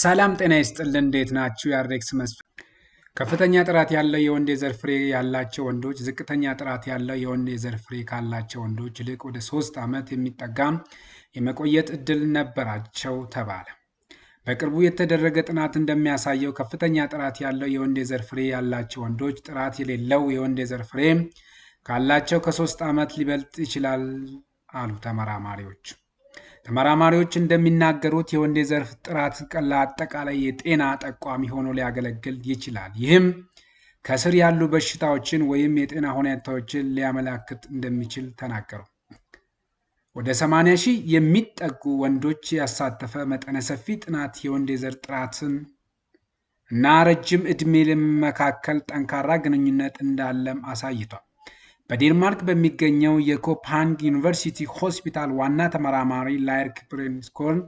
ሰላም ጤና ይስጥልን። እንዴት ናችሁ? የአሬክስ መስፍ ከፍተኛ ጥራት ያለው የወንድ የዘር ፍሬ ያላቸው ወንዶች ዝቅተኛ ጥራት ያለው የወንድ የዘር ፍሬ ካላቸው ወንዶች ይልቅ ወደ ሶስት ዓመት የሚጠጋም የመቆየት እድል ነበራቸው ተባለ። በቅርቡ የተደረገ ጥናት እንደሚያሳየው ከፍተኛ ጥራት ያለው የወንድ የዘር ፍሬ ያላቸው ወንዶች ጥራት የሌለው የወንድ የዘር ፍሬ ካላቸው ከሶስት ዓመት ሊበልጥ ይችላል አሉ ተመራማሪዎች። ተመራማሪዎች እንደሚናገሩት የወንዴ ዘርፍ ጥራት ለአጠቃላይ የጤና ጠቋሚ ሆኖ ሊያገለግል ይችላል። ይህም ከስር ያሉ በሽታዎችን ወይም የጤና ሁኔታዎችን ሊያመላክት እንደሚችል ተናገሩ። ወደ 80 ሺህ የሚጠጉ ወንዶች ያሳተፈ መጠነ ሰፊ ጥናት የወንዴ ዘር ጥራትን እና ረጅም ዕድሜ መካከል ጠንካራ ግንኙነት እንዳለም አሳይቷል። በዴንማርክ በሚገኘው የኮፐንሃግ ዩኒቨርሲቲ ሆስፒታል ዋና ተመራማሪ ላይርክ ብሬንስኮርን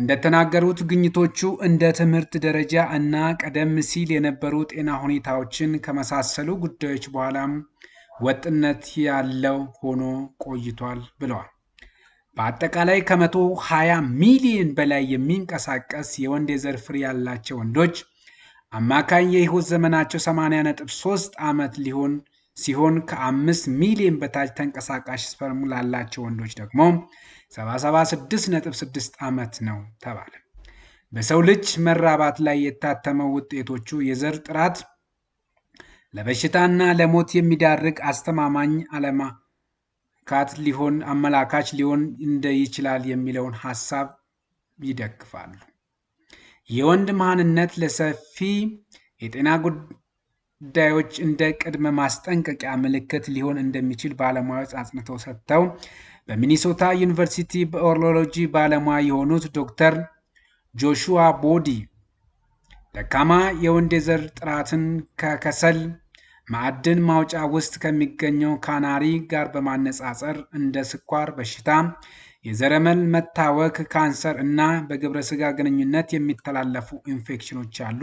እንደተናገሩት ግኝቶቹ እንደ ትምህርት ደረጃ እና ቀደም ሲል የነበሩ ጤና ሁኔታዎችን ከመሳሰሉ ጉዳዮች በኋላም ወጥነት ያለው ሆኖ ቆይቷል ብለዋል። በአጠቃላይ ከመቶ 20 ሚሊዮን በላይ የሚንቀሳቀስ የወንድ የዘር ፍሬ ያላቸው ወንዶች አማካኝ የህይወት ዘመናቸው 80.3 ዓመት ሊሆን ሲሆን ከአምስት ሚሊዮን በታች ተንቀሳቃሽ ስፐርም ላላቸው ወንዶች ደግሞ 776.6 ዓመት ነው ተባለ። በሰው ልጅ መራባት ላይ የታተመው ውጤቶቹ የዘር ጥራት ለበሽታና ለሞት የሚዳርግ አስተማማኝ አለማካት ሊሆን አመላካች ሊሆን እንደ ይችላል የሚለውን ሀሳብ ይደግፋሉ። የወንድ መሃንነት ለሰፊ የጤና ጉዳዮች እንደ ቅድመ ማስጠንቀቂያ ምልክት ሊሆን እንደሚችል ባለሙያዎች አጽንተው ሰጥተው፣ በሚኒሶታ ዩኒቨርሲቲ በኦርኒቶሎጂ ባለሙያ የሆኑት ዶክተር ጆሹዋ ቦዲ፣ ደካማ ዘር ጥራትን ከከሰል ማዕድን ማውጫ ውስጥ ከሚገኘው ካናሪ ጋር በማነጻጸር እንደ ስኳር በሽታ፣ የዘረመል መታወክ፣ ካንሰር እና በግብረ ስጋ ግንኙነት የሚተላለፉ ኢንፌክሽኖች ያሉ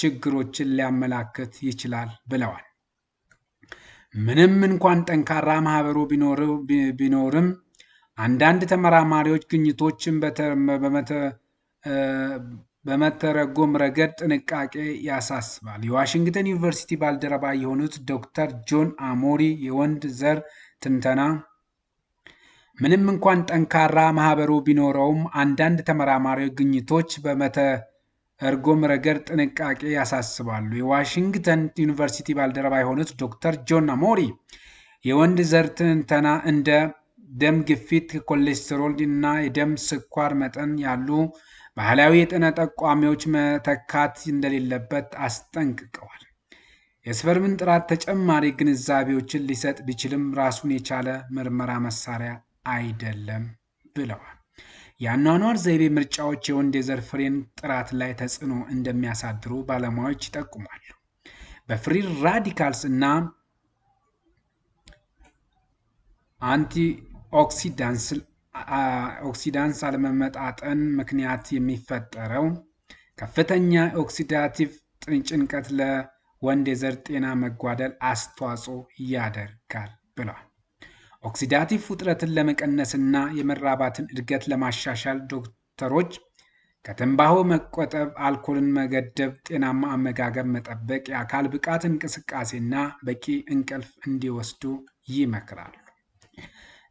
ችግሮችን ሊያመላክት ይችላል ብለዋል። ምንም እንኳን ጠንካራ ማህበሩ ቢኖርም አንዳንድ ተመራማሪዎች ግኝቶችን በመተረጎም ረገድ ጥንቃቄ ያሳስባል። የዋሽንግተን ዩኒቨርሲቲ ባልደረባ የሆኑት ዶክተር ጆን አሞሪ የወንድ ዘር ትንተና ምንም እንኳን ጠንካራ ማህበሩ ቢኖረውም አንዳንድ ተመራማሪዎች ግኝቶች እርጎም ረገድ ጥንቃቄ ያሳስባሉ። የዋሽንግተን ዩኒቨርሲቲ ባልደረባ የሆኑት ዶክተር ጆን አሞሪ የወንድ ዘር ትንተና እንደ ደም ግፊት፣ ኮሌስትሮል እና የደም ስኳር መጠን ያሉ ባህላዊ የጤና ጠቋሚዎች መተካት እንደሌለበት አስጠንቅቀዋል። የስፐርምን ጥራት ተጨማሪ ግንዛቤዎችን ሊሰጥ ቢችልም ራሱን የቻለ ምርመራ መሳሪያ አይደለም ብለዋል። የአኗኗር ዘይቤ ምርጫዎች የወንድ የዘር ፍሬን ጥራት ላይ ተጽዕኖ እንደሚያሳድሩ ባለሙያዎች ይጠቁማሉ። በፍሪ ራዲካልስ እና ኦክሲዳንስ አለመመጣጠን ምክንያት የሚፈጠረው ከፍተኛ ኦክሲዳቲቭ ጭንቀት ለወንድ የዘር ጤና መጓደል አስተዋጽኦ ያደርጋል ብለዋል። ኦክሲዳቲቭ ውጥረትን ለመቀነስና የመራባትን እድገት ለማሻሻል ዶክተሮች ከትንባሆ መቆጠብ፣ አልኮልን መገደብ፣ ጤናማ አመጋገብ መጠበቅ፣ የአካል ብቃት እንቅስቃሴና በቂ እንቅልፍ እንዲወስዱ ይመክራሉ።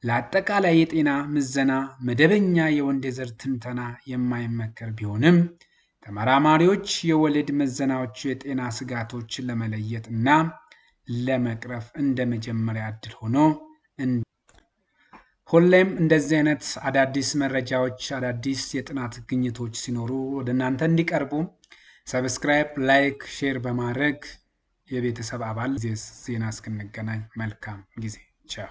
ለአጠቃላይ የጤና ምዘና መደበኛ የወንድ የዘር ትንተና የማይመከር ቢሆንም ተመራማሪዎች የወሊድ ምዘናዎች የጤና ስጋቶችን ለመለየት እና ለመቅረፍ እንደ መጀመሪያ እድል ሆኖ ሁሌም እንደዚህ አይነት አዳዲስ መረጃዎች አዳዲስ የጥናት ግኝቶች ሲኖሩ ወደ እናንተ እንዲቀርቡ ሰብስክራይብ፣ ላይክ፣ ሼር በማድረግ የቤተሰብ አባል ዜና እስክንገናኝ መልካም ጊዜ ቻው።